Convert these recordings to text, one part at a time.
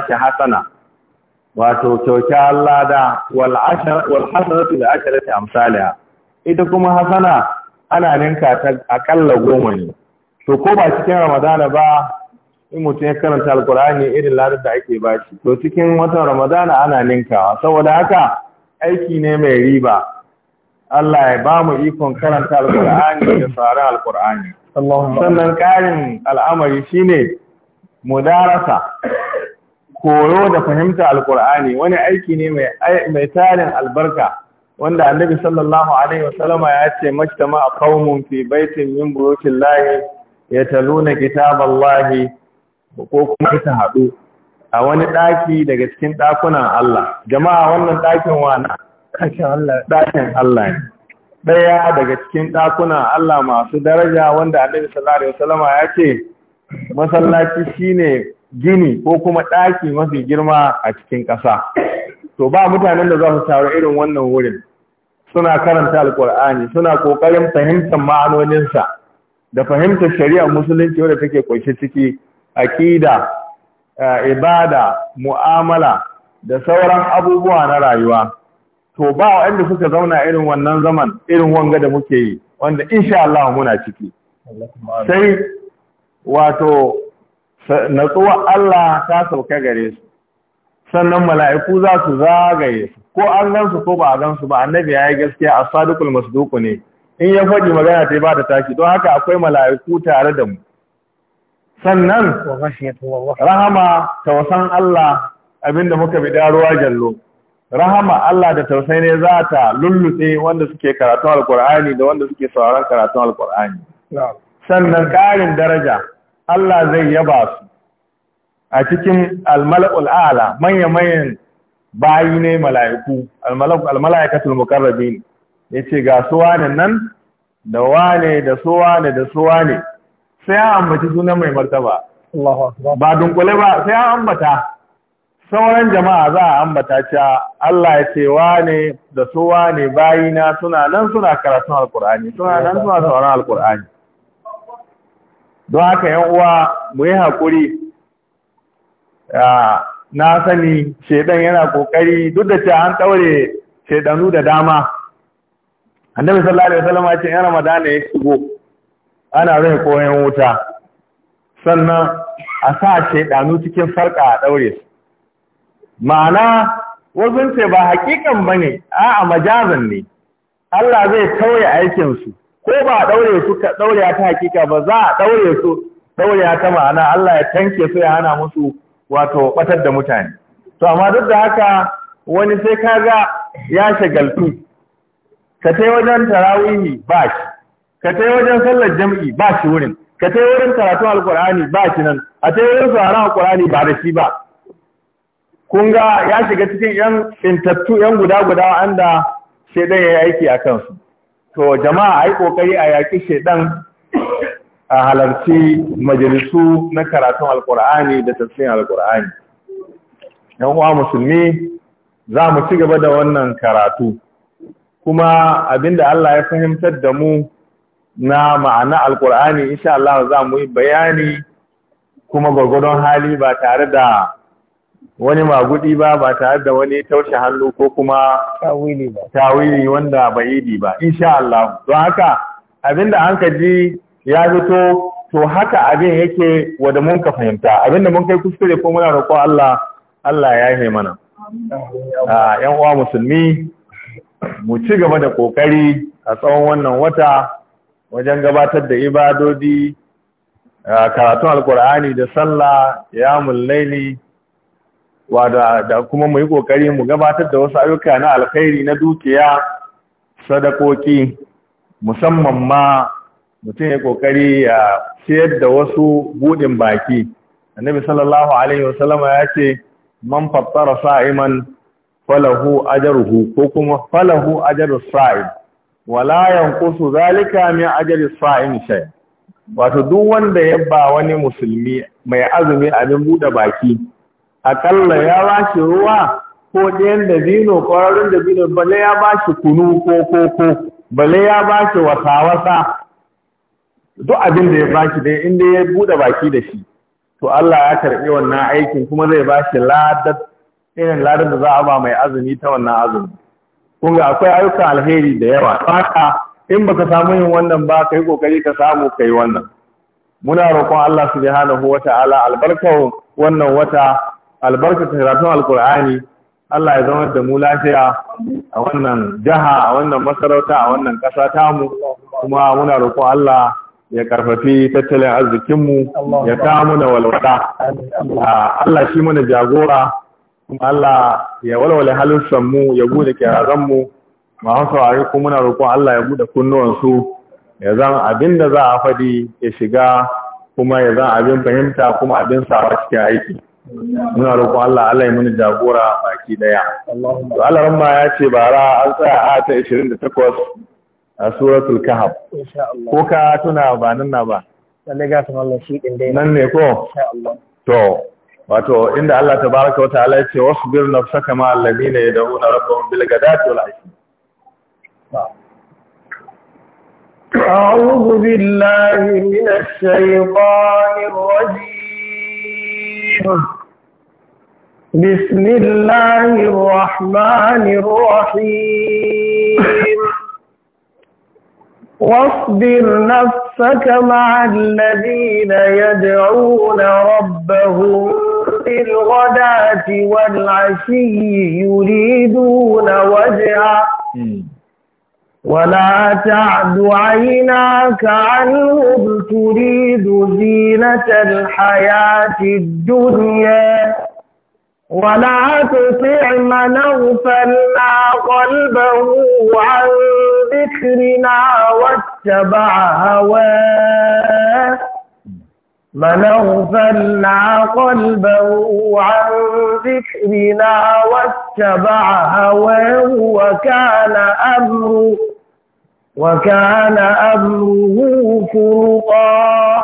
shi hasana wato kyauta lada wal ashar ita kuma hasana ana ninka ta akalla goma ne to ko ba cikin ramadana ba in mutum ya karanta alkur'ani irin ladar da ake ba shi to cikin watan ramadana ana ninkawa saboda haka aiki ne mai riba Allah ya ba mu ikon karanta alkur'ani da tsarin alkur'ani sannan ƙarin al'amari shine mudarasa Koyo da fahimta alkur'ani wani aiki ne mai tarin albarka wanda annabi sallallahu alaihi wasallama ya ce majtama qaumun fi baitin min buyutillahi yataluna lahi, ko kuma ta hadu a wani daki daga cikin dakunan Allah jama'a wannan dakin wana kashin Allah dakin Allah ne daya daga cikin dakunan Allah masu daraja wanda annabi sallallahu alaihi wasallama ya ce masallaci shine gini ko kuma ɗaki mafi girma a cikin ƙasa to ba mutanen da za su taru irin wannan wurin suna karanta alkur'ani suna ƙoƙarin fahimtar ma'anoninsa da fahimtar shari'ar musulunci wadda take ƙunshe ciki aƙida ibada mu'amala da sauran abubuwa na rayuwa to ba waɗanda suka zauna irin wannan zaman irin wanga da muke yi wanda insha Allah muna ciki sai wato natsuwar Allah ta sauka gare su sannan mala'iku za su zagaye su ko an gansu ko ba a gansu ba annabi ya yi gaskiya a sadukul masduku ne in ya faɗi magana ta ba ta tashi don haka akwai mala'iku tare da mu sannan rahama tausan Allah abinda muka bi ruwa jallo rahama Allah da tausai ne za ta lullutse wanda suke karatun alkur'ani da wanda suke sauran karatun alkur'ani sannan ƙarin daraja Allah zai yaba su a cikin almalakul ala manya-manyan bayi ne mala'iku almala'ikatul mukarrabin yace ga suwa ne nan da wane da suwa ne da suwa ne sai an ambaci sunan mai martaba ba dunkule ba sai an ambata sauran jama'a za a ambata cewa Allah ya ce wane da suwa ne bayina suna nan suna karatun alkur'ani suna nan suna sauran alkur'ani don haka yan uwa mu yi haƙuri na sani shaidan yana ƙoƙari duk da cewa an ɗaure shaidanu da dama annabi sallallahu alaihi wasallam ya ce yan ramadana ya shigo ana rufe koyon wuta sannan a sa shaidanu cikin sarka a ɗaure su ma'ana wasu ce ba hakikan bane a'a majazan ne Allah zai tauye aikinsu ko ba a ɗaure su ka ɗaure ta hakika ba za a ɗaure su ɗaure ta ma'ana Allah ya tanke su ya hana musu wato batar da mutane to amma duk da haka wani sai ka ga ya shagaltu ka tai wajen tarawihi ba shi ka tai wajen sallar jam'i ba shi wurin ka tai wurin karatu alkur'ani ba shi nan a tai wurin sauraron alkur'ani ba da shi ba kun ga ya shiga cikin yan intattu yan guda guda wanda shaidan ya yi aiki a kansu to jama'a ai kokari a yaki shedan a halarci majalisu na karatun alkur'ani da tafsirin alkur'ani yan uwa musulmi za mu ci gaba da wannan karatu kuma abinda Allah ya fahimtar da mu na ma'ana alkur'ani insha Allah za mu yi bayani kuma gwagwadon hali ba tare da wani magudi ba ba tare da wani taushe hannu ko kuma tawili wanda ba yi ba insha Allah don haka abinda an ka ji ya fito to haka abin yake wanda mun ka fahimta abinda mun kai kuskure ko muna roƙo Allah Allah ya yi mana a ah, yan uwa musulmi mu ci gaba da kokari a tsawon wannan wata wajen gabatar da ibadodi ah, karatun alkur'ani da sallah ya mulaili wada kuma mu yi kokari mu gabatar da wasu ayyuka na alkhairi na dukiya sadakoki musamman ma mutum ya kokari ya ciyar da wasu budin baki annabi sallallahu alaihi wasallama ya ce man fattara sa'iman falahu ajruhu ko kuma falahu ajru sa'im wala yanqusu zalika min ajri sa'im shay wato duk wanda ya ba wani musulmi mai azumi abin bude baki akalla ya ba shi ruwa ko ɗayan dabino ƙwararrun zino bale ya ba shi kunu ko koko bale ya ba shi wasa-wasa duk abin da ya ba shi dai inda ya buɗe baki da shi to Allah ya karɓi wannan aikin kuma zai ba shi ladar irin ladar da za a ba mai azumi ta wannan azumi kun ga akwai ayyukan alheri da yawa haka in baka samu yin wannan ba kai kokari ka samu kai wannan muna roƙon Allah subhanahu wata'ala albarkar wannan wata ta karatun alkur'ani Allah ya zama da mu lafiya a wannan jaha a wannan masarauta a wannan ƙasa tamu kuma muna roƙon Allah ya karfafi tattalin arzikinmu ya ta muna walwala Allah shi mana jagora kuma Allah ya walwale halittar mu ya bude kiraran mu ma saurari kuma muna roƙon Allah ya bude kunnuwan su ya zan abin da za a faɗi ya shiga kuma ya zan abin fahimta kuma abin sawa cikin aiki muna roƙon Allah Allah ya muni jagora baki daya to Allah ramma ya ce bara an tsaya a ta 28 a suratul kahf ko ka tuna ba nan na ba lalle ga san Allah shi din dai nan ne ko to wato inda Allah tabaraka wa ta'ala ya ce wasbir nafsaka ma allazina yad'una rabbahum bil ghadati wal ashi أعوذ بالله من الشيطان الرجيم بسم الله الرحمن الرحيم واصبر نفسك مع الذين يدعون ربهم بالغداة والعشي يريدون وجهه ولا تعد عيناك عنهم تريد زينة الحياة الدنيا ولا تطع من اغفلنا قلبه عن ذكرنا واتبع هواه من اغفلنا قلبه عن ذكرنا واتبع هواه وكان امره وكان امره فرقا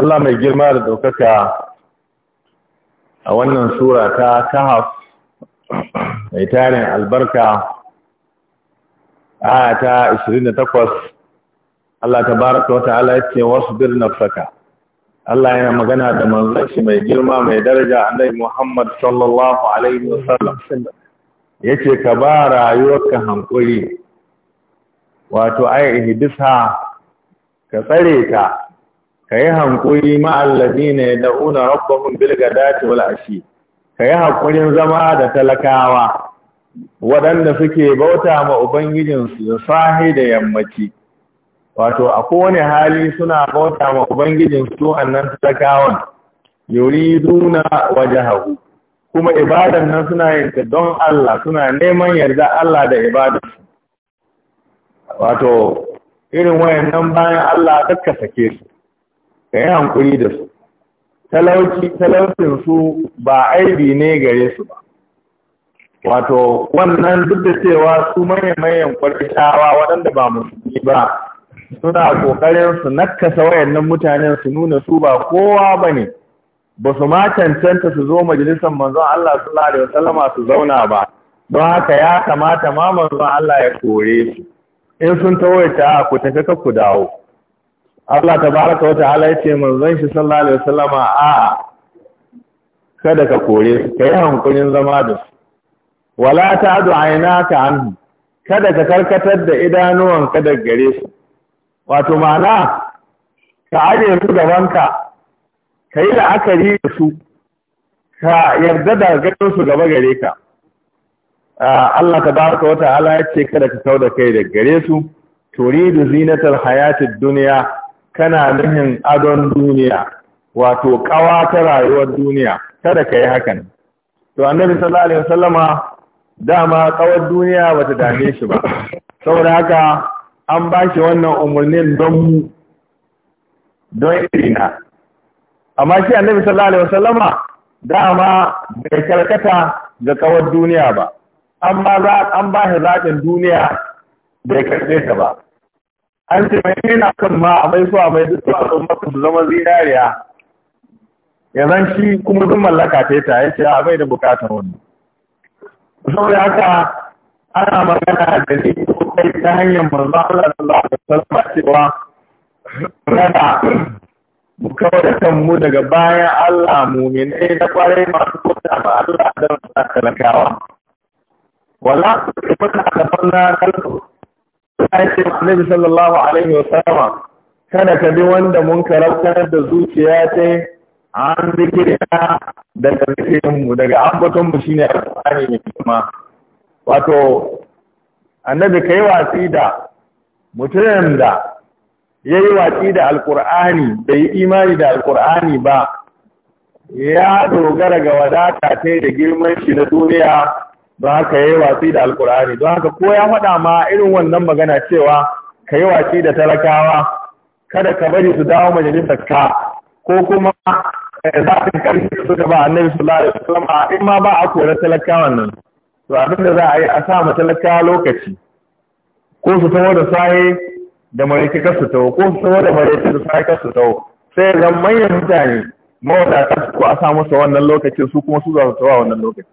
Allah mai girma da ɗaukaka a wannan sura ta kahaf mai tarin albarka aya ta 28 Allah tabaraka wa ce wasu birnin nafsaka Allah yana magana da manzon mai girma mai daraja Annabi Muhammad sallallahu alaihi wasallam yace ka ba rayuwarka hankuri wato ai ihdisa ka tsare ta ka yi hankuri ma'allazi ne da una rabbahun bilgadati wal ashi ka yi hankurin zama da talakawa waɗanda suke bauta ma ubangijinsu da sahi da yammaci wato a kowane hali suna bauta ma ubangijinsu annan talakawan waje hagu, kuma ibadan nan suna yin ta don Allah suna neman yarda Allah da ibadansu wato irin wayannan bayan Allah kakka sake su ka yi hankuri da su talaucin su ba aibi ne gare su ba wato wannan duk da cewa su mayan kwarishawa waɗanda ba musulmi ba suna ƙoƙarin su nakasa wayannan mutanen su nuna su ba kowa ba ne ba su ma cancanta su zo majalisar manzon Allah sallallahu alaihi wasallama su zauna ba don haka ya kamata ma manzon Allah ya kore su in sun tawaita ku tafi ka ku dawo Allah tabaraka wa ta'ala yace manzon shi sallallahu alaihi wasallama a kada ka kore su kai hankulin zama da su wala ta'du aynaka anhu kada ka karkatar da idanuwan ka daga gare su wato ma'ana ka aje su gaban ka yi la'akari da su ka yarda da ganin su gaba gare ka Allah ta baraka wata ala ya ce kada ka kauda da kai da gare su turidu zinatar hayatid duniya kana nuhin adon duniya wato kawa ta rayuwar duniya kada ka yi hakan to annabi sallallahu alaihi wasallama dama kawar duniya bata dame shi ba saboda haka an ba shi wannan umarnin don mu don irina amma shi annabi sallallahu alaihi wasallama dama bai karkata ga kawar duniya ba amma za an ba shi zaɓin duniya bai karɓe ta ba an ce mai nuna kan ma a mai suwa mai duk a kan masa zama zinariya yanzu shi kuma sun mallaka ta ta ya ce a bai da bukatar wani saboda haka ana magana da ni ko kai ta hanyar manzo Allah sallallahu alaihi wasallam cewa kada mu kawar da kanmu daga bayan Allah mu'minai na kwarai masu kuta ba Allah da talakawa wala ku fata da fanna kalku ake nabi sallallahu alaihi wa sallama kada ka bi wanda mun karabtar da zuciya ta an zikirina daga mu, daga ambatonmu mu shine alƙari ne kuma wato annabi kai yi watsi da mutumin da yayi yi watsi da alƙur'ani bai yi imani da alƙur'ani ba ya dogara ga wadata ta da girman shi na duniya don haka yi watsi da alkur'ani don haka ko ya faɗa ma irin wannan magana cewa ka yi watsi da talakawa kada ka bari su dawo majalisar ka ko kuma zafin karfi su ba annabi sallallahu alaihi wasallam in ma ba a kore talakawan nan to abin da za a yi a sa ma talakawa lokaci ko su tawo da sahi da mariki ka su tawo ko su tawo da mariki da sahi ka su tawo sai zan manyan mutane mawadata ko a sa musu wannan lokacin su kuma su za su tawo a wannan lokacin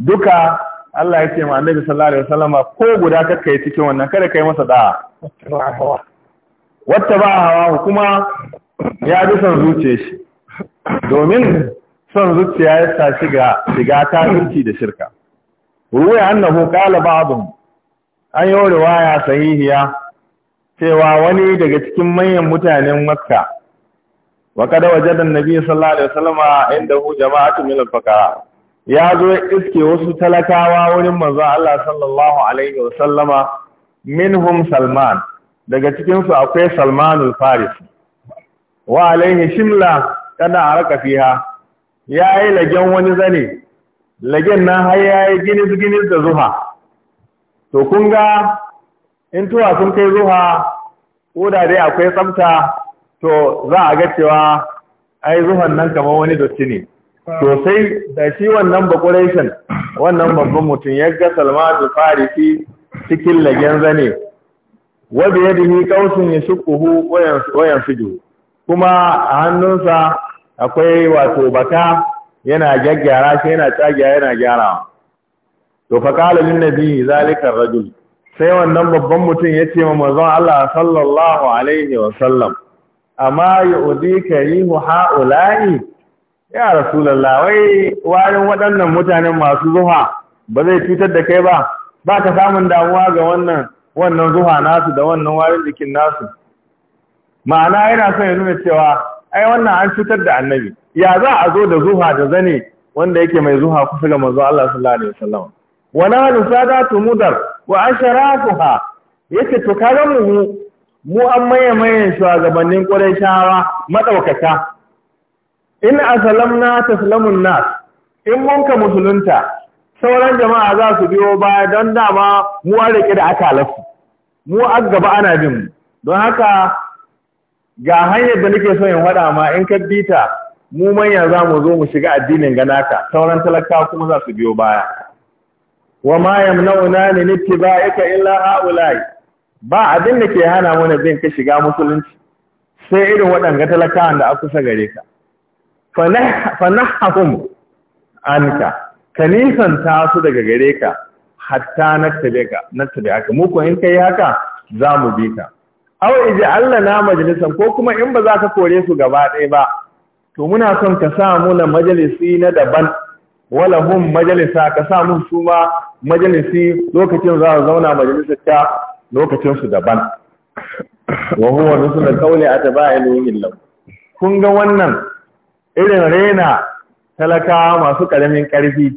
duka Allah ya ce ma annabi sallallahu alaihi wasallam ko guda kakkai cikin wannan kada kai masa da'a wata ba hawa kuma ya bi son zuciya shi domin son zuciya ya sa shiga shiga kafirci da shirka ruwaya annahu qala ba'dhum an yi riwaya sahihiya cewa wani daga cikin manyan mutanen makka wa kada wajada annabi sallallahu alaihi wasallama hu jama'atu min al fakara ya zo iske wasu talakawa wurin manzon Allah sallallahu alaihi wa minhum Salman daga cikin su akwai Salmanul Faris. wa alaihi shimla kada araka fiha yayi lagen wani zane lagen nan har yayi ginis ginis da zuha to kun ga in tuwa sun kai zuha ko da dai akwai tsafta to za a ga cewa ai zuhan nan kamar wani dotti ne Sosai, sai da shi wannan bakureshin wannan babban mutum ya ga salmatu farisi cikin lagen zane wadda ya dini kausin ya shukuhu wayan suju kuma a hannunsa akwai wato baka yana gyaggyara shi yana tsagiya yana gyara to fa qala lin nabi zalika rajul sai wannan babban mutum ya ce ma manzon Allah sallallahu alaihi wa sallam amma yu'dika yihu ha'ula'i ya rasulullah wai warin waɗannan mutanen masu zuha ba zai cutar da kai ba ba ka samun damuwa ga wannan wannan zuha nasu da wannan warin jikin nasu ma'ana yana son ya nuna cewa ai wannan an cutar da annabi ya za a zo da zuha da zane wanda yake mai zuha kusa ga manzo Allah sallallahu alaihi wasallam wala nusadatu mudar wa asharafuha yake to kaga mu mu an maye mayen shugabannin Qurayshawa madaukaka in aslamna taslamun nas in munka musulunta sauran jama'a za su biyo baya don dama mu a rike da akalarsu mu a gaba ana bin don haka ga hanyar da nake so in faɗa ma in ka bita mu manya za mu zo mu shiga addinin ganaka sauran talaka kuma za su biyo baya wa ma yamna'una min ittiba'ika illa ha'ula'i ba abin da ke hana mana bin ka shiga musulunci sai irin waɗanga talakawan da aka kusa gare ka fanahahum anka kanisan ta su daga gare ka hatta nattabe aka mu ko in kai haka za mu bi ka aw idza Allah na majalisan ko kuma in ba za ka kore su gaba ɗaya ba to muna son ka sa mu na majalisi na daban wala hum majalisa ka sa mun su ma majalisi lokacin za su zauna majalisar ta lokacin su daban wa huwa nusul qawli atba'il lahu kun ga wannan irin rena talakawa masu ƙaramin ƙarfi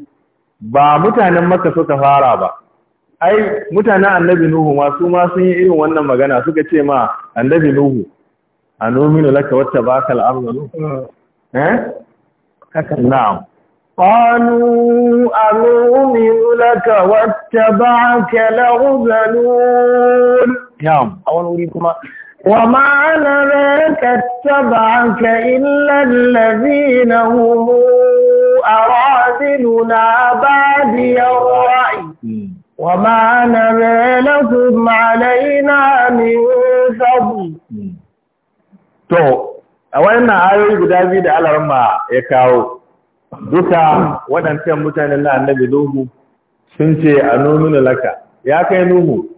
ba mutanen maka suka fara ba ai mutanen annabi nuhu masu ma sun yi irin wannan magana suka ce ma annabi nuhu a nominu laka wata ba ka al'amzalu eh? eh haka na'am قالوا أنؤمن لك واتبعك a wani wuri kuma, وما نراك اتبعك إلا الذين هم أرادلنا بادي الرأي وما نرى لهم علينا من فضل to a wannan ayoyi guda biyu da alarma ya kawo duka waɗancan mutanen na annabi nuhu sun ce a nunu laka ya kai nuhu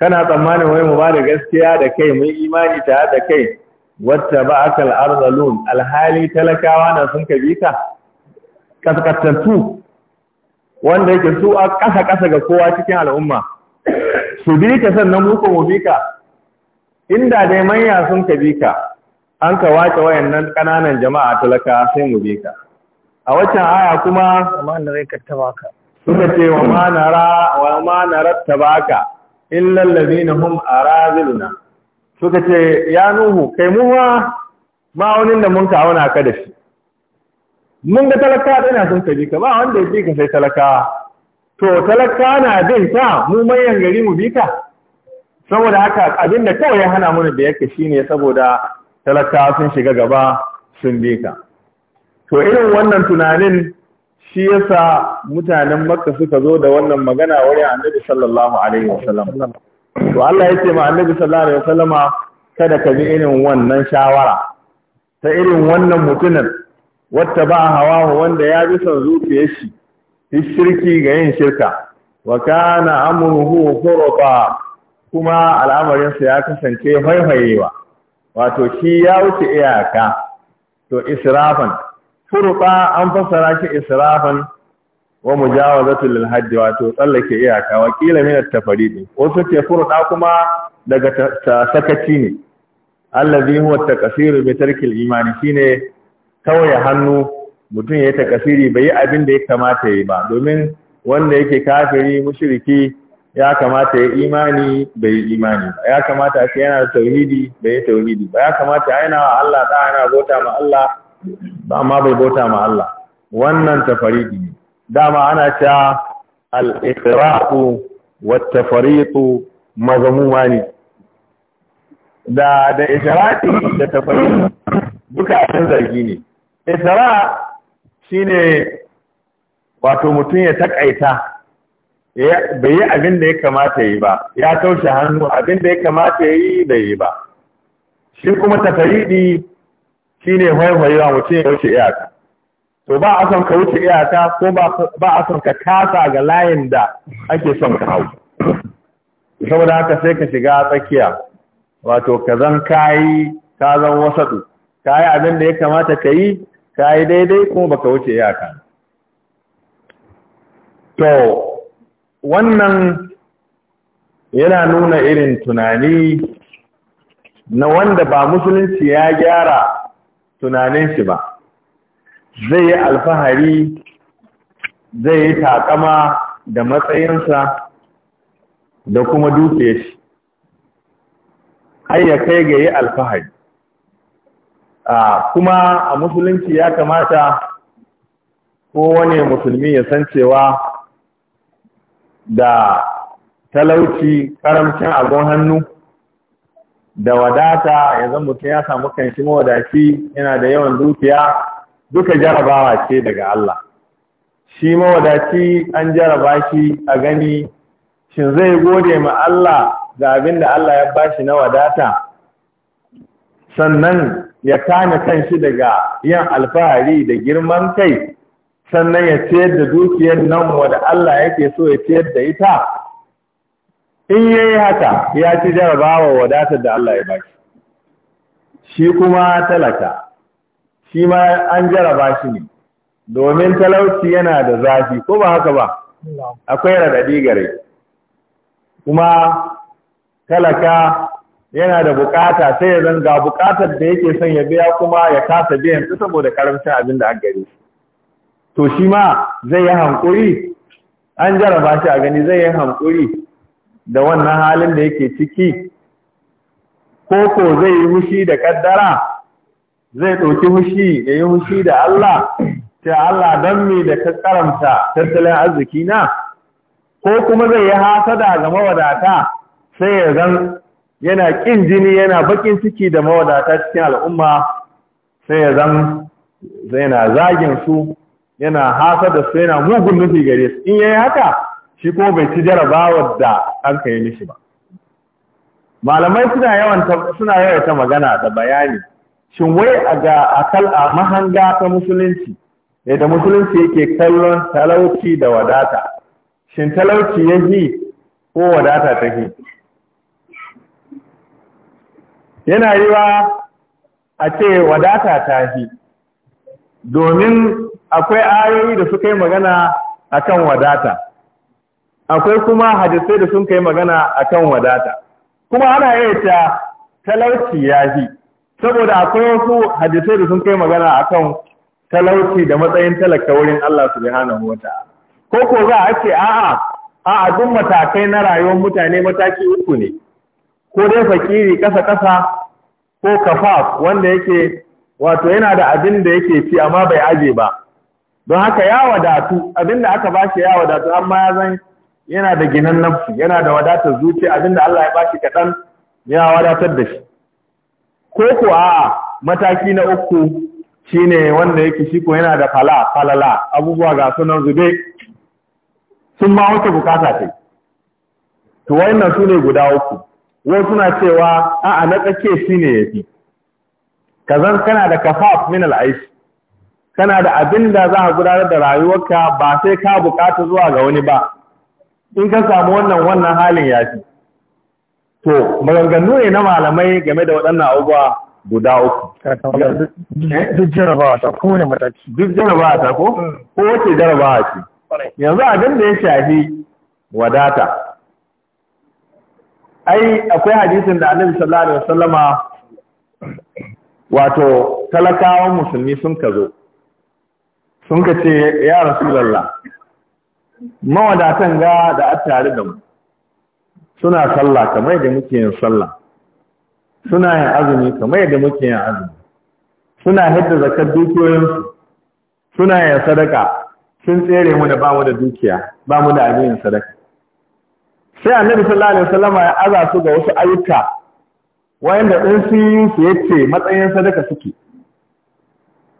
kana tsammanin wai mu ba da gaskiya da kai mu imani ta da kai wata ba akal arzalun alhali talakawa na sun ka bi ka kaskattattu wanda yake su a ƙasa ƙasa ga kowa cikin al'umma su bi ka sannan mu mu bi ka inda dai manya sun ka bi ka an ka wace wayannan kananan jama'a talaka sai mu bi ka a waccan aya kuma amma na kattaba ka suka ce wa ma nara wa ma naratta baka illal ladina hum araziluna suka ce ya nuhu kai muwa ma'aunin da mun auna ka da shi mun ga talaka tana sun ka bi ka ba wanda ya bi ka sai talaka to talaka na bin ta mu mayan gari mu bi ka saboda haka abin da kawai ya hana mana da yake shine saboda talaka sun shiga gaba sun bika. to irin wannan tunanin shi yasa mutanen makka suka zo da wannan magana wurin annabi sallallahu alaihi wasallam to Allah ya ce ma annabi sallallahu alaihi wasallama kada ka bi irin wannan shawara ta irin wannan mutunan, wata ba hawahu wanda ya bi son zuciyar shi shirki ga yin shirka wa kana amruhu furqa kuma al'amarinsa ya kasance haihayewa wato shi ya wuce iyaka to israfan furqa an fassara shi israfan wa mujawazatu lil hajj wato tsallake iyaka wa kila min at-tafarid wasu ce furqa kuma daga sakaci ne allazi huwa at-taqsir bi tarki al-iman shine tawaye hannu mutum ya takasiri bai yi abin da ya kamata yi ba domin wanda yake kafiri mushriki ya kamata ya imani bai yi imani ba ya kamata a yana tauhidi bai yi tauhidi ba ya kamata yana wa Allah da yana gota ma Allah amma bai bauta ma Allah wannan tafaridi ne dama ana cewa al-iqra'u wat-tafariqu mazmuma ne da da isra'i da tafariqu duka an zargi ne isra shine wato mutum ya takaita bai yi abin da ya kamata yi ba ya taushe hannu abin da ya kamata yi bai yi ba shi kuma tafaridi Shi shine waiwaiwa mutum ya wuce iyaka to ba a son ka wuce iyaka ko ba a son ka kasa ga layin da ake son ka hau saboda haka sai ka shiga tsakiya wato ka zan kayi ka zan Ka kayi abin da ya kamata ka yi ka yi daidai kuma ka wuce iyaka to wannan yana nuna irin tunani na wanda ba musulunci ya gyara tunanin shi ba zai yi alfahari zai yi takama da matsayinsa da kuma ya shi har ya kai ga yi alfahari kuma a musulunci ya kamata kowane musulmi ya san cewa da talauci karamcin agon hannu da wadata ya mutum ya samu kanshi mawadaci yana da yawan dukiya duka jarabawa ce daga Allah shi mawadaci an jaraba shi a gani shin zai gode ma Allah ga abin da Allah ya bashi na wadata sannan ya kame kanshi daga yin alfahari da girman kai sannan ya ciyar da dukiyar nan wada Allah yake so ya ciyar da ita in ya yi haka ya ci jarabawa wadatar da Allah ya baki shi kuma talaka shi ma an jaraba shi ne domin talauci yana da zafi ko ba haka ba akwai radadi gare kuma talaka yana da bukata sai ya zanga bukatar da yake son ya biya kuma ya kasa biyan su saboda karamcin abin da an gare to shi ma zai yi hankuri an jaraba shi a gani zai yi hankuri da wannan halin da yake ciki ko ko zai yi mushi da kaddara zai ɗauki mushi ya yi mushi da Allah ta Allah don me da ka karamta tattalin arziki na ko kuma zai yi hasada ga mawadata sai ya zan yana ƙin jini yana bakin ciki da mawadata cikin al'umma sai ya zan zai na zagin su yana hasada su yana mugun nufi gare su in yayi haka shi ko bai ci jarabawar da an kai mishi ba malamai suna yawan suna yawaita magana da bayani shin wai a ga akal a mahanga ta musulunci ne da musulunci yake kallon talauci da wadata shin talauci ya yi ko wadata ta yi yana yi a ce wadata ta yi domin akwai ayoyi da suka yi magana akan wadata akwai kuma hadisai da sun kai magana a kan wadata kuma ana iya ta talauci ya fi saboda akwai wasu hadisai da sun kai magana a kan talauci da matsayin talaka wurin Allah subhanahu wata'ala ko ko za a ce a'a a'a duk matakai na rayuwar mutane mataki uku ne ko dai fakiri kasa kasa ko kafaf wanda yake wato yana da abin da yake ci amma bai aje ba don haka ya wadatu abin da aka ba shi ya wadatu amma ya zan yana da ginan nafsu yana da wadatar zuciya abinda Allah ya bashi kaɗan ya wadatar da shi ko ko mataki na uku shine wanda yake shi ko yana da fala falala abubuwa ga sunan zube sun ma wata bukata ce to wayannan su guda uku wai suna cewa a'a na tsake shine yafi kazan kana da kafaf min aish kana da abin da za ka gudanar da rayuwarka ba sai ka bukata zuwa ga wani ba in ka samu wannan wannan halin ya fi to maganganu ne na malamai game da waɗannan abubuwa guda uku duk jarabawa ta ko mataki duk jarabawa ta ko mm. ko wace jarabawa ce yanzu abin da ya shafi wadata ai akwai hadisin da annabi sallallahu alaihi wasallama wato talakawan musulmi sun ka zo sun ka ce ya rasulullah mawadatan ga da a tare da mu suna sallah kamar da muke yin sallah suna yin azumi kamar da muke yin azumi suna hidda zakar dukiyoyinsu suna yin sadaka sun tsere mu da ba mu da dukiya ba mu da abin sadaka sai annabi sallallahu alaihi wasallam ya aza su ga wasu ayyuka wayanda din sun yi su yace matsayin sadaka suke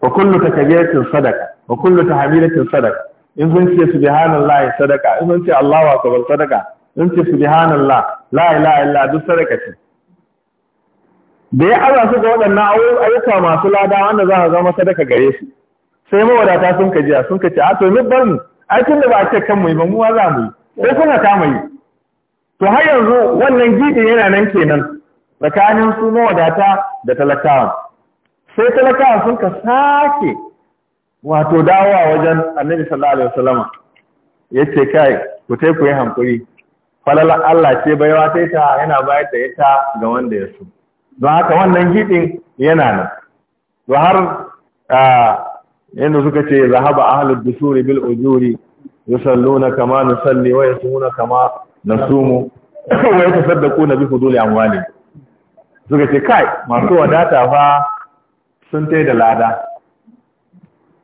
wa kullu takabiratin sadaka wa kullu tahmidatin sadaka in sun ce subhanallah sadaka in sun ce Allahu akbar sadaka in ce subhanallah la ilaha illa duk sadaka ce da ya aza su ga waɗannan ayyuka masu lada wanda za a zama sadaka gare su sai mawadata sun ka jiya sun ka ce a to ni bar mu ai tun da ba a ce kan mu yi ba mu za mu yi sai suna kama yi to har yanzu wannan gidi yana nan kenan tsakanin su mawadata da talakawa sai talakawa sun ka sake wato dawowa wajen annabi sallallahu alaihi wasallam yace kai ku tai ku yi hankuri falala Allah ce baiwa sai ta yana bayar da ita ga wanda ya so don haka wannan gidin yana nan to har yanda suka ce zahaba ahlud dusuri bil ujuri yusalluna kama nusalli wa yasumuna kama nasumu wa yatasaddaquna bi fuduli amwali suka ce kai masu wadata fa sun tai da lada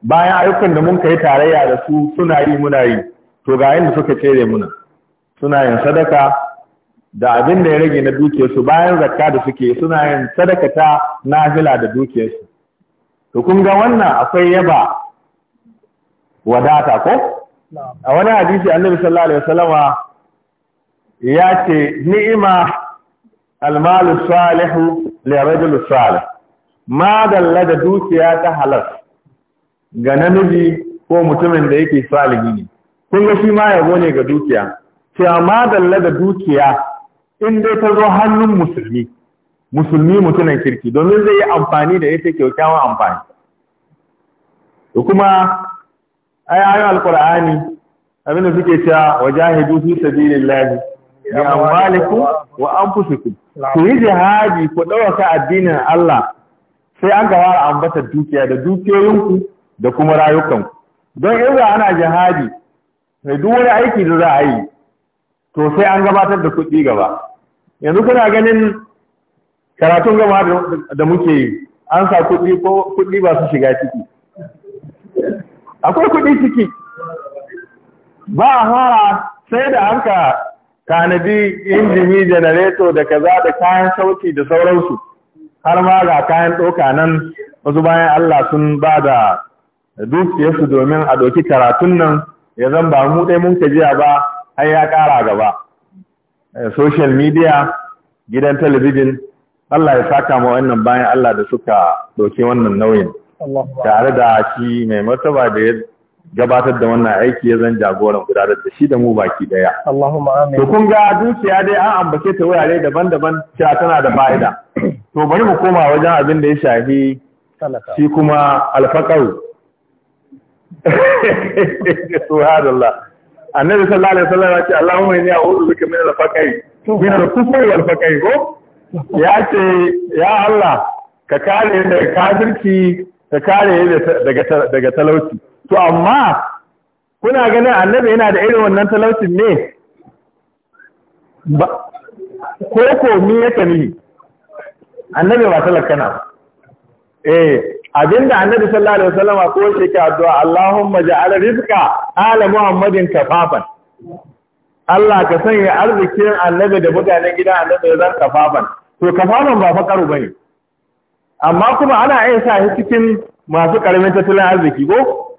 bayan ayyukan da mun kai tarayya da su suna yi muna yi to ga yanda suka cere muna suna yin sadaka da abin da ya rage na dukiyarsu bayan zakka da suke suna yin sadaka ta nafila da dukiyarsu to kun ga wannan akwai yaba wadata ko a wani hadisi annabi sallallahu alaihi wasallama ya ce ni'ima almalu salihu li rajul salih ma dalla da dukiya ta halal ga namiji ko mutumin da yake salihi ne kun ga shi ma yabo ne ga dukiya amma madalla da dukiya in dai ta zo hannun musulmi musulmi mutumin kirki domin zai yi amfani da ita kyakkyawan amfani da kuma ayoyin Alqur'ani abinda suke cewa wajahidu fi sabilillahi bi amwalikum wa anfusikum ku yi jihadi ku dawaka addinin Allah sai an ga fara ambata dukiya da dukiyoyinku da kuma rayukanku don in ana jihadi mai duk wani aiki da za a yi to sai an gabatar da kuɗi gaba yanzu kuna ganin karatun gaba da muke yi an sa kuɗi ko kuɗi ba su shiga ciki akwai kuɗi ciki ba a fara sai da an ka tanadi injini janareto da kaza da kayan sauti da sauransu har ma ga kayan ɗauka nan wasu bayan Allah sun ba da su domin a ɗauki karatun nan ya zan ba mu ɗai mun jiya ba har ya ƙara gaba eh, social media gidan talabijin Allah ya saka ma wannan bayan Allah da suka ɗauki wannan nauyin tare da shi mai martaba da ya gabatar da wannan aiki ya zan jagoran gudanar da shi da mu baki daya. To kun ga dukiya dai an ambace ta wurare daban-daban cewa tana da fa'ida. To bari mu koma wajen abin da ya shafi shi kuma alfakaru. subhanallah annabi sallallahu alaihi wasallam ya ce Allahumma inni a'udhu bika min al-faqri min al-kufri wal faqri ko ya ce ya Allah ka kare ni daga kafirci ka kare ni daga daga talauci to amma kuna ganin annabi yana da irin wannan talaucin ne ba ko ko ni yake ni annabi ba talakana eh Abin da annabi sallallahu alaihi wasallam ko ke addu'a Allahumma ja'al rizqa ala Muhammadin kafafan Allah ka sanya arzikin annabi da mutanen gida annabi zan kafafan to kafafan ba fakaru bane amma kuma ana iya sa shi cikin masu karamin tattalin arziki ko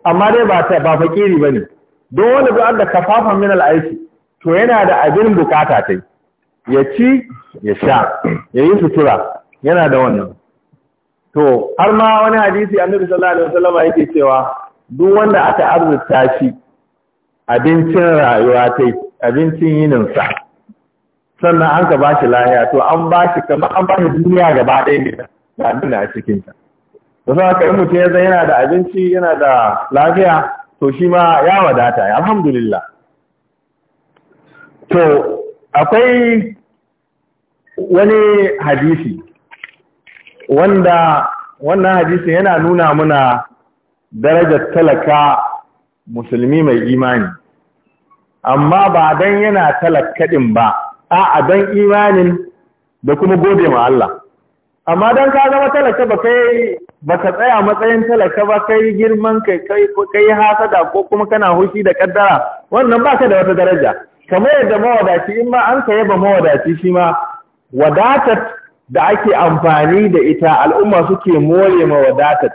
amma dai ba ta ba fakiri bane don wanda duk da kafafan min al to yana da abin bukata tai ya ci ya sha ya yi sutura yana da wannan to har ma wani hadisi annabi sallallahu alaihi wasallam yake cewa duk wanda aka arzuta shi abincin rayuwa tai abincin yinin sa sannan an ka shi lahiya to an bashi kamar an shi duniya gaba ɗaya ne da abin a cikin ta to sai ka mutum ya yana da abinci yana da lafiya to shi ma ya wadata alhamdulillah to akwai wani hadisi wanda wannan hadisi yana nuna muna darajar talaka musulmi mai imani amma ba dan yana talakadin ba a dan imanin da kuma gode ma Allah amma dan ka zama talaka ba kai ka tsaya matsayin talaka ba kai girman kai kai kai hasada ko kuma kana hushi da kaddara wannan ba baka da wata daraja kamar yadda mawadaci in ma an ka yaba mawadaci shi ma wadatar da ake amfani da ita al'umma suke more ma wadatar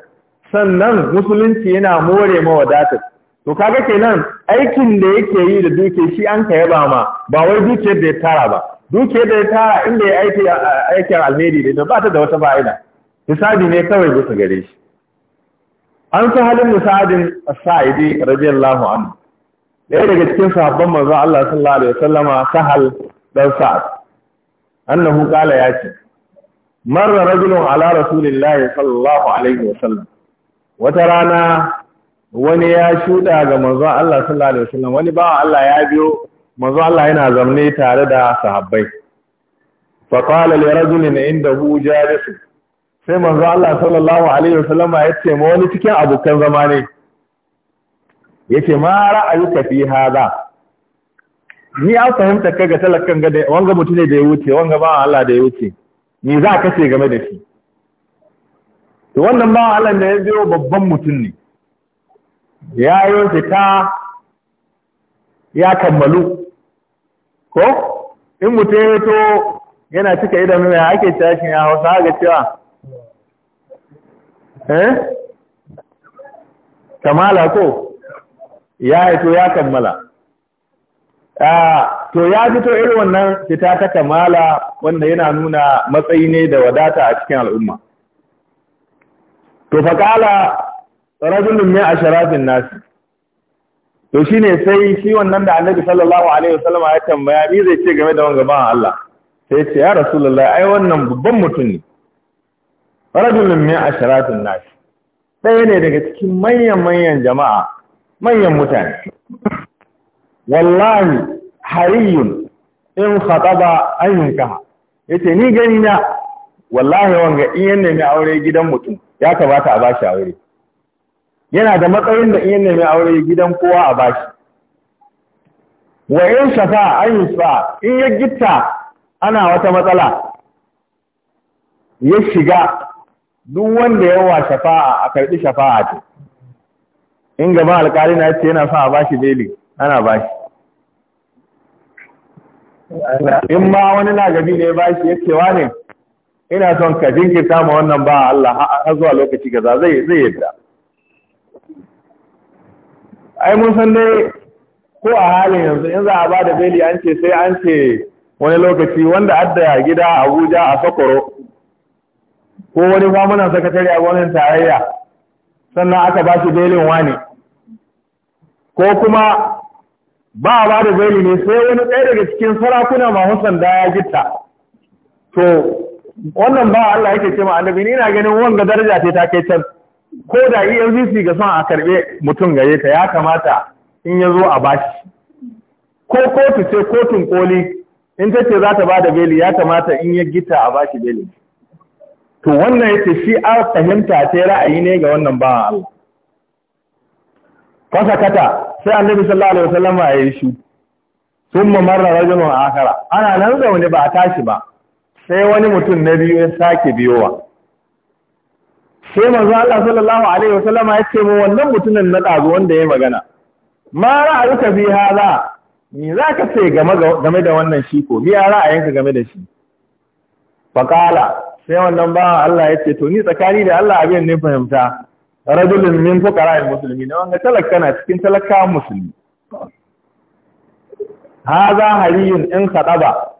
sannan musulunci yana more ma wadatar to kaga kenan aikin da yake yi da duke shi an ka yaba ma ba wai dukiyar da ya tara ba duke da ya tara inda ya aiki aikin alheri da ba ta da wata fa'ida misali ne kawai bisa gare shi an san halin musadin sa'idi radiyallahu anhu ɗaya daga cikin sahabban manzon Allah sallallahu alaihi wasallama sahal dan sa'ad annahu qala ya ce marra rajulun ala rasulillahi sallallahu alaihi wasallam wata rana wani ya shuda ga manzo Allah sallallahu alaihi wasallam wani ba Allah ya biyo manzo Allah yana zamne tare da sahabbai fa qala li rajulin indahu jalis sai manzo Allah sallallahu alaihi wasallam ya ce ma wani cikin abokan zama ne yace ma ra'ayuka fi hada ni a fahimta kaga talakan ga wanga mutune da ya wuce wanga ba Allah da ya wuce me za ka ce game da shi to wannan ba Allah ne ya biyo babban mutum ne ya yi ta ya kammalu ko in mutum ya to yana cika idanu ya ake tashin ya hausa ga cewa eh kamala ko ya yi to ya kammala to ya fito irin wannan fita ta kamala wanda yana nuna matsayi ne da wadata a cikin al'umma to faƙala rajulun min asharafin nasi to shine sai shi wannan da annabi sallallahu alaihi wasallam ya tambaya ni zai ce game da wanga gaban Allah sai ce ya rasulullahi ai wannan babban mutum ne rajulun min sharafin nas ɗaya ne daga cikin manyan manyan jama'a manyan mutane wallahi hariyun in khataba an yankaha yace ni gani na wallahi wanga in yanne mai aure gidan mutum ya kamata a bashi aure yana da matsayin da in yanne mai aure gidan kowa a bashi wa in shafa an yusfa in ya gitta ana wata matsala ya shiga duk wanda ya wa shafa'a a karbi shafa'a ce in gaba alƙali na ce yana sa a bashi beli ana ba shi in ma wani lagabi ne ba shi ya wa ne ina son ka jinkirta ma wannan ba Allah har zuwa lokaci gaza zai zai yadda ai mun san dai ko a halin yanzu in za a ba da beli an ce sai an ce wani lokaci wanda adda gida Abuja a Sokoro ko wani famunan sakatare a gwanin tarayya sannan aka ba shi belin wani ko kuma ba ba da zai ne sai wani ɗaya daga cikin sarakuna masu sanda ya gita. to wannan ba Allah yake ce ma annabi ni na ganin wanga daraja ce ta kai can ko da EFCC ga son a karbe mutum gare ka ya kamata in ya zo a bashi ko kotu ce kotun koli in ta ce za ta ba da beli ya kamata in ya gita a bashi beli to wannan yake shi a fahimta ta ra'ayi ne ga wannan ba Allah fasakata sai annabi sallallahu alaihi wasallam ya yi shi thumma marra rajulun akhara ana nan da wani ba a tashi ba sai wani mutum na biyu ya sake biyowa sai manzo Allah sallallahu alaihi wasallam ya ce mu wannan mutumin na dazu wanda ya magana ma ra'ayuka fi hada me zaka ce game game da wannan shi ko a ra'ayinka game da shi faqala sai wannan ba Allah ya ce to ni tsakani da Allah abin ne fahimta rajulun min fuqara'il muslimin wanga talaka na cikin talaka musulmi haza hariyun in khadaba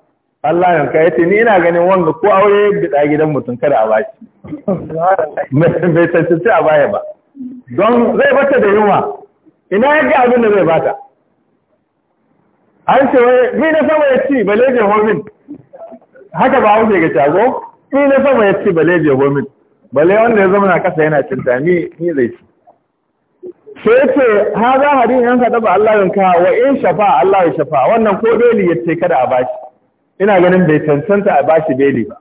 Allah yanka yace ni ina ganin wanga ko aure bida gidan mutum kada a bashi bai tantance a baya ba don zai bata da yunwa ina yake abin da zai bata an ce wai mi na sama ya ci bale je homin haka ba wuce ga shago mi na sama ya ci bale je homin balle wanda ya zama na kasa yana cinta ni ni zai ci sai ce ha za hadin yan ka Allah yanka wa in shafa Allah ya shafa wannan ko beli ya ce kada a bashi ina ganin bai tantanta a bashi beli ba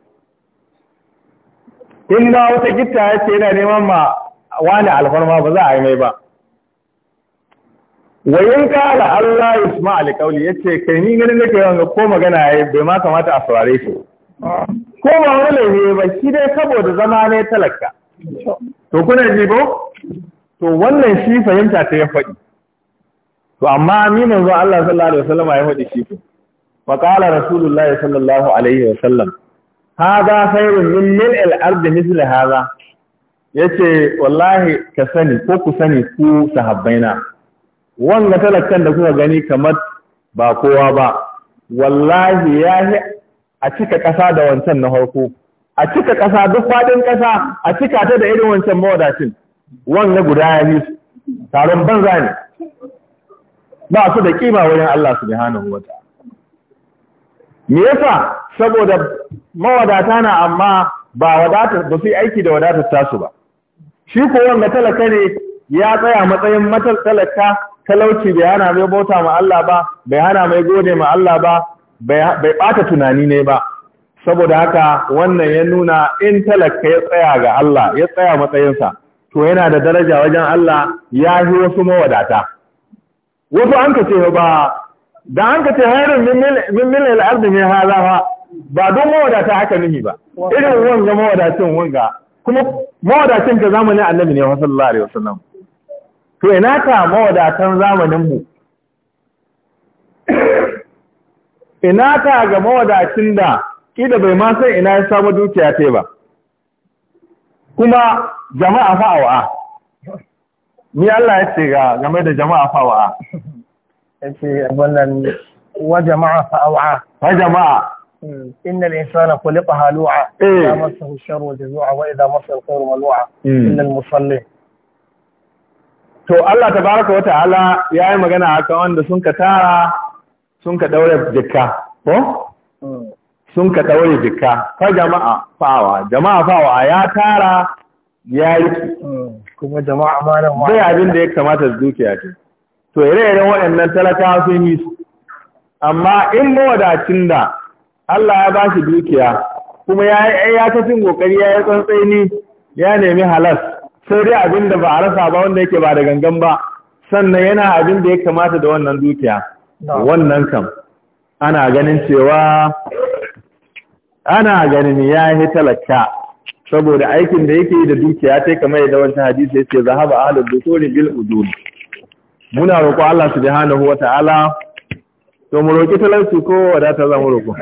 in na wata gitta ya ce yana neman ma wani alfarma ba za a yi mai ba wa in kala Allah ya sma ya ce kai ni ganin nake yawan ko magana yayi bai ma kamata a saurare shi ko ba wani laifi ba shi dai saboda zama ne talaka to kuna ji ba? to wannan shi fahimta ta ya faɗi to amma aminin zuwa Allah sallallahu alaihi wasallam ya faɗi shi Faƙala Rasulullah ya sallallahu alaihi wasallam hada khairun min mil al ha za. Ya ce, wallahi ka sani ko ku sani ku sahabbaina wanga talakan da kuka gani kamar ba kowa ba wallahi ya a cika ƙasa da wancan na harko a cika ƙasa duk faɗin ƙasa a cika ta da irin wancan mawadacin wannan guda ya yi taron banza ne ba su da ƙima wurin Allah su wa wata. me yasa saboda mawadata na amma ba wadata ba su aiki da wadatar tasu ba shi ko wanda talaka ne ya tsaya matsayin matal talaka talauci bai hana mai bauta ma Allah ba bai hana mai gode ma Allah ba bai ɓata tunani ne ba saboda haka wannan ya nuna in talaka ya tsaya ga Allah ya tsaya matsayinsa to yana da daraja wajen Allah ya yi wasu mawadata wasu an ka ce ba da an ka ce hairin min milil ne ha za ha, ba don mawadata haka nihi ba irin wanga mawadacin wanga kuma mawadacin ka zamanin annabi ne sallallahu wasu nan. to ina ka mawadatan zamaninmu, ina ta ga mawadacin da kida bai ma san ina ya samu dukiya ta ba kuma jama'a fa'awa ni Allah ya ce game da jama'a fa'awa yace wannan wa jama'a fa'awa wa jama'a إن الإنسان خلق هلوعا إذا مسه الشر جزوعا وإذا مسه الخير ملوعا إلا musalli. to Allah ta wata ala ya yi magana akan wanda sun ka tara sun ka ɗaure jika, ko sun ka ɗaure jika, fa jama'a fawa jama'a fawa ya tara ya yi kuma jama'a malam wa abin da ya kamata su dukiya ce to ire-iren waɗannan talakawa sun yi su amma in mawadacin da Allah ya ba shi dukiya kuma ya yi ya cin ƙoƙari, ya yi tsantsaini ya nemi halas sai dai abin da ba a rasa ba wanda yake ba da gangan ba sannan yana abin da ya kamata da wannan dukiya wannan kam ana ganin cewa ana ganin ya yi talaka saboda aikin da yake da dukiya ta kamar yadda wancan hadisi ya ce zahaba ahlul dusuri bil udun muna roƙo Allah subhanahu wata'ala to mu roƙi talansu ko wadata za mu roƙo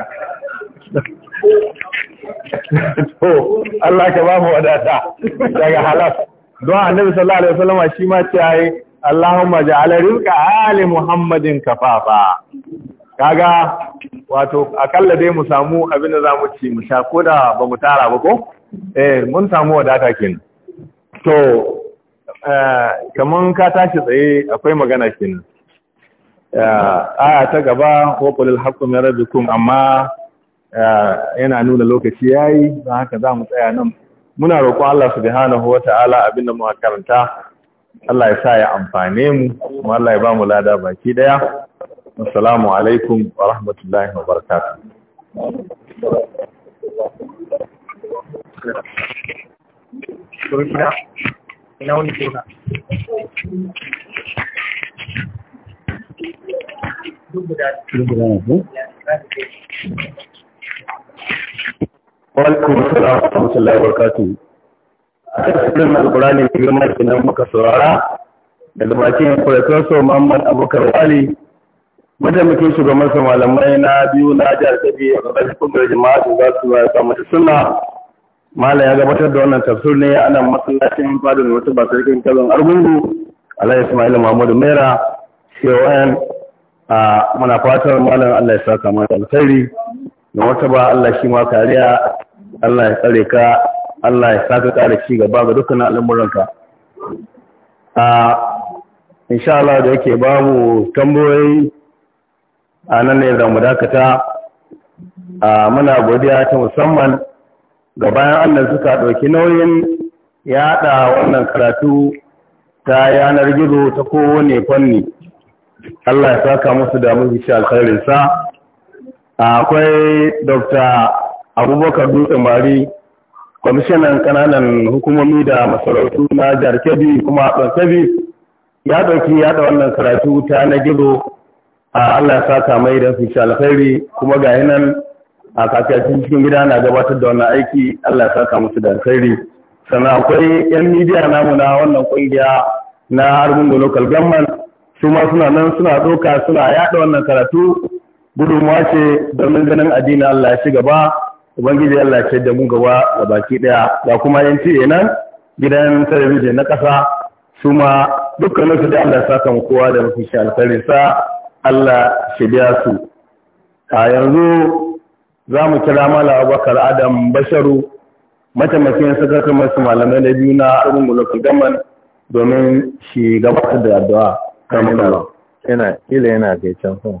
to Allah ka ba mu wadata daga halal don annabi sallallahu alaihi wasallama shi ma ce Allahumma ja'ala rizqa ali Muhammadin kafafa kaga wato akalla dai mu samu abin da zamu ci mu sha koda ba mu tara ba ko eh mun samu wadata kin to eh, kamar ka tashi tsaye akwai magana kin eh, aya ta gaba wa qulil haqqu min rabbikum amma eh, yana nuna lokaci yayi don haka zamu tsaya nan muna roƙon Allah subhanahu wataala abin da mu karanta Allah ya sa ya amfane mu kuma Allah ya ba mu lada baki daya assalamu alaikum wa rahmatullahi wa barakatuh Wa alaikum salam wa rahmatullahi wa barakatuh a tasirin alkurani da girma kenan muka saurara daga bakin professor muhammad abubakar wali mataimakin shugaban sa malamai na biyu na jihar kebbi a ƙarƙashin kungar jama'a za su ya samu da suna malam ya gabatar da wannan tafsir ne a nan masallacin fadin wata ba sarkin kallon argungu alayhi ismail mahmudu mera con a muna fatan malam allah ya saka mata alkhairi da wata ba allah shi ma kariya allah ya tsare ka Allah ya saka ka ci gaba ga dukkan al'amuranka a insha Allah da yake babu tambayoyi a nan ne zamu dakata a muna godiya ta musamman ga bayan Allah suka ɗauki nauyin ya yaɗa wannan karatu ta yanar gizo ta kowane fanni Allah ya saka musu da mafi shi alkhairinsa akwai Dr. Abubakar Dutse Mari kwamishinan kananan hukumomi da masarautu na jihar kebbi kuma a kebbi ya ɗauki yaɗa wannan karatu ta na gizo a allah ya saka mai don su sha alkhairi kuma ga nan a kakakin cikin gida na gabatar da wannan aiki allah ya saka musu da alkhairi sannan akwai yan midiya namu na wannan kungiya na harbin da local government su ma suna nan suna ɗauka suna yaɗa wannan karatu gudunmawa ce domin ganin addinin allah ya ci gaba ubangiji Allah ce da mu gaba ga baki daya ga kuma yin tiye nan gidan talabijin na ƙasa. su ma dukkanin su da Allah saka mu kowa da mafi shi sa Allah shi biya su a yanzu za mu kira mala abubakar adam basharu mataimakin sakatun masu malamai na biyu na mulki gaman domin shi gabatar da addu'a ina ila yana kai can kuma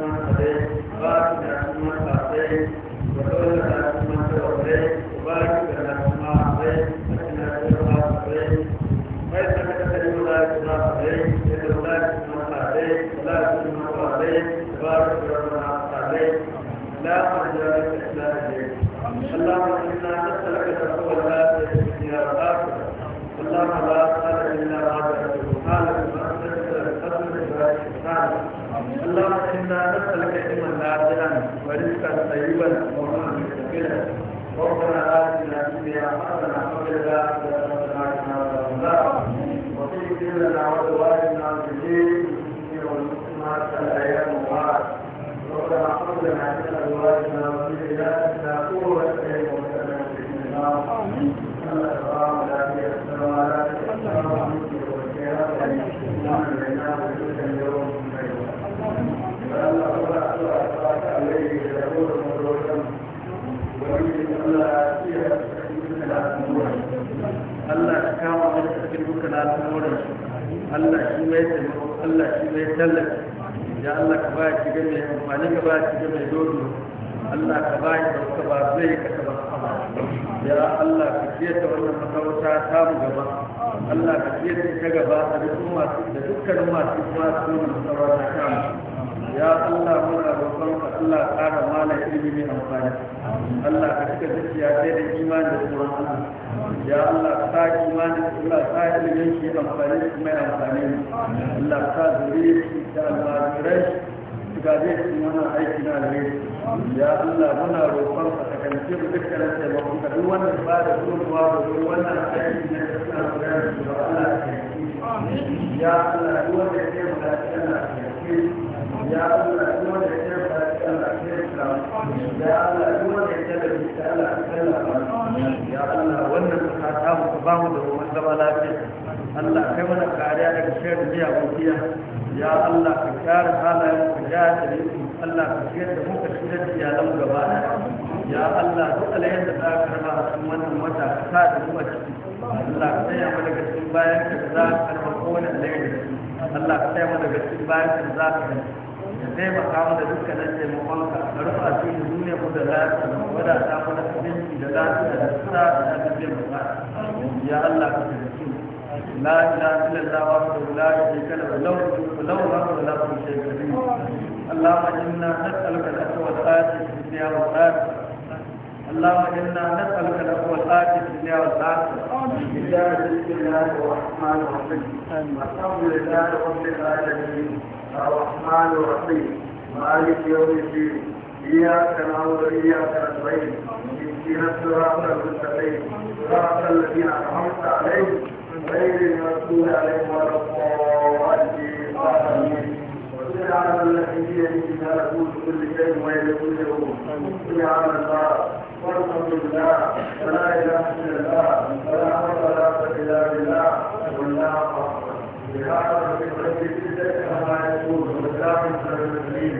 نسألك تقول اللهم إنا نسألك علما نافعا ورزقا طيبا وعملا مستقلا ربنا آتنا في الدنيا حسنة وفي الآخرة حسنة وقنا عذاب النار وفي ديننا وزواجنا المسلمين والمسلمات الأيام المبارك ربنا حفظنا ya Allah ka ba shi ga mai amfani ka ba shi ga mai dodo Allah ka ba shi ka ba zai ka ka ba ya Allah ka kiyata wannan masarauta ta mu gaba Allah ka kiyata ta gaba a dukkan masu da dukkanin masu kuma masu wannan masarauta ta mu ya Allah muna roƙon ka Allah ƙara mana ilimi mai amfani Allah ka cika zuciya sai da imani da tsoron Allah ya Allah ka sa imanin Allah ka shi amfani shi mai amfani Allah ka sa zuriyar shi shi wannan aiki na alheri ya Allah muna roƙon ka takance mu dukkanin ka duk wannan ba da gudunmuwa da duk wannan aiki na suna gudanar da ba Allah ka ya Allah duk wanda ya taimaka shi Allah ka ya Allah duk wanda ya taimaka shi Allah ka ya Allah duk wanda ya taimaka shi Allah ka ba mu da ruwan zama lafiya Allah kai mana kariya daga shirin biya gobiya ya Allah ka kare halayen ka ya da Allah ka shigar da mu ka shigar da iyalan gaba ya Allah duk alayyar da aka karba a cikin wannan wata ka sa da mu a ciki Allah ka taya mana daga cikin bayan ka za ka karba kowane alayyar da Allah ka taya mana daga cikin bayan ka za ka karba da zai baka mu duka nan sai mafanka a rufa shi da duniya ku da lati wadda ta kuma kudinci da lati da lissa da ta kaje baka ya Allah ka da su la ila illa Allah wa la ilaha illa Allah wa la ilaha illa Allah wa la Allah wa inna nas'aluka al-aqwa al-ati fi dunya wa akhirah اللهم انا نسالك الاقوى الاتي في الدنيا والاخره بجاه بسم الله الرحمن الرحيم وحمد الرحمن الرحيم مالك يوم الدين إياك نعبد وإياك نستعين اهدنا الصراط المستقيم صراط الذين أنعمت عليهم غير المغضوب عليهم ولا الضالين وسل على الذي بيده ملكوت كل شيء وإلى كل يوم سل على الله والحمد لله ولا إله إلا الله ولا حول ولا قوة إلا بالله والله أكبر بهذا في الله